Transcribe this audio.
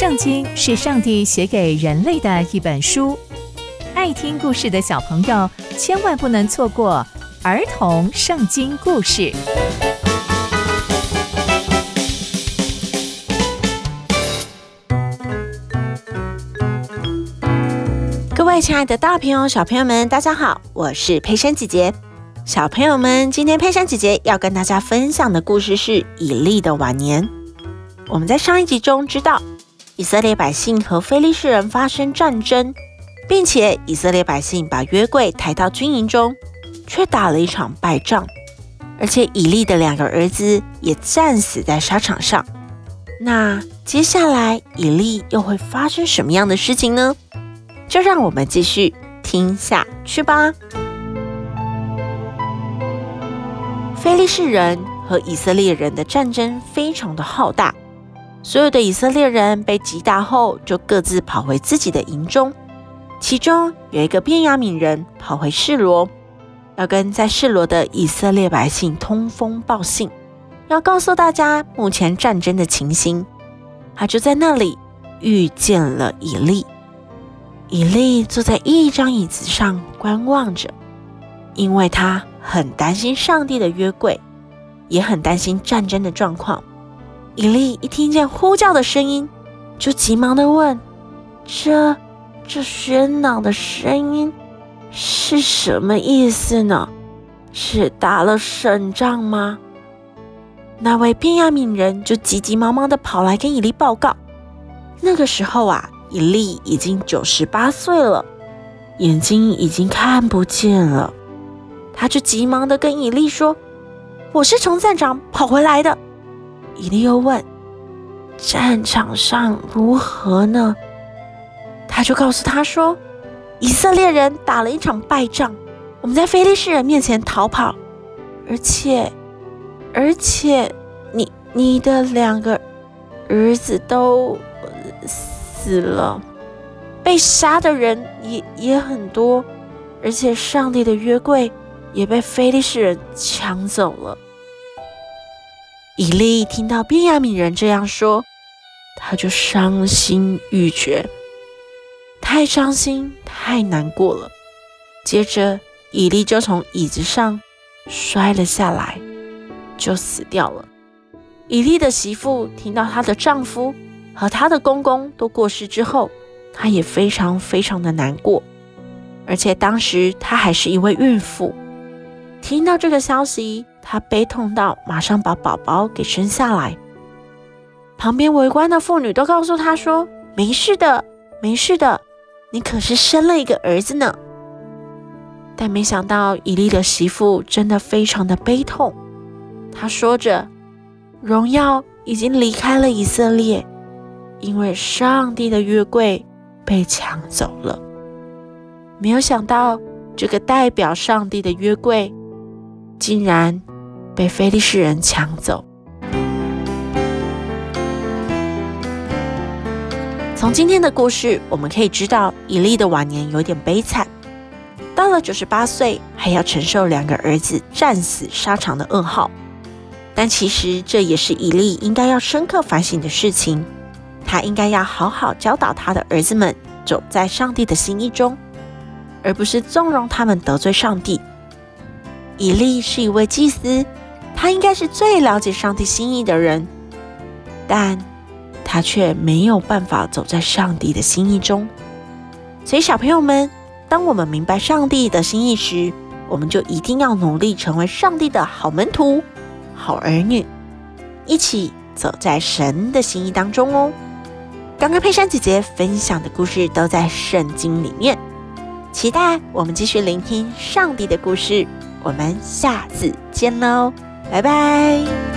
聖經是上帝寫給人類的一本書，愛聽故事的小朋友千萬不能錯過兒童聖經故事。各位親愛的大朋友、小朋友們，大家好，我是佩珊姐姐。小朋友們，今天佩珊姐姐要跟大家分享的故事是以利的晚年。我們在上一集中知道，以色列百姓和非利士人發生戰爭，並且以色列百姓把約櫃抬到軍營中，卻打了一場敗仗，而且以利的兩個兒子也戰死在沙場上。那接下來以利又會發生什麼樣的事情呢？就讓我們繼續聽下去吧。非利士人和以色列人的戰爭非常的浩大。所有的以色列人被擊打後，就各自跑回自己的營中。其中有一個便雅憫人跑回示羅，要跟在示羅的以色列百姓通風報信，要告訴大家目前戰爭的情形。他就在那裡遇見了以利，以利坐在一張椅子上觀望着，因為他很擔心上帝的約櫃，也很擔心戰爭的狀況。以利一聽見呼叫的聲音，就急忙地問：“這這喧鬧的聲音是什麼意思呢？是打了勝仗嗎？”那位便雅憫人就急急忙忙地跑來跟以利報告。那個時候啊，以利已經九十八歲了，眼睛已經看不見了，他就急忙地跟以利說：“我是從戰場跑回來的。”以利又問：“戰場上如何呢？”他就告訴他說：“以色列人打了一場敗仗，我們在非利士人面前逃跑，而且，而且，你你的兩個兒子都、呃、死了，被殺的人也也很多，而且上帝的約櫃也被非利士人搶走了。”以利聽到便雅憫人這樣說，她就傷心欲絕，太傷心，太難過了。接着，以利就從椅子上摔了下來，就死掉了。以利的媳婦聽到她的丈夫和她的公公都過世之後，她也非常非常的難過，而且當時她還是一位孕婦，聽到這個消息。他悲痛到馬上把寶寶給生下來，旁邊圍觀的婦女都告訴他說：“沒事的，沒事的，你可是生了一個兒子呢。”但沒想到以利的媳婦真的非常的悲痛，她說着：“榮耀已經離開了以色列，因為上帝的約櫃被搶走了。”沒有想到這個代表上帝的約櫃竟然被非利士人搶走。從今天的故事，我們可以知道，以利的晚年有點悲慘。到了九十八歲，還要承受兩個兒子戰死沙場的噩耗。但其實，這也是以利應該要深刻反省的事情。他應該要好好教導他的兒子們，走在上帝的心意中，而不是縱容他們得罪上帝。以利是一位祭司。他應該是最了解上帝心意的人，但他卻沒有辦法走在上帝的心意中。所以，小朋友們，當我們明白上帝的心意時，我們就一定要努力成為上帝的好門徒、好兒女，一起走在神的心意當中哦。剛剛佩珊姐姐分享的故事都在聖經裡面，期待我們繼續聆聽上帝的故事。我們下次見嘍！拜拜。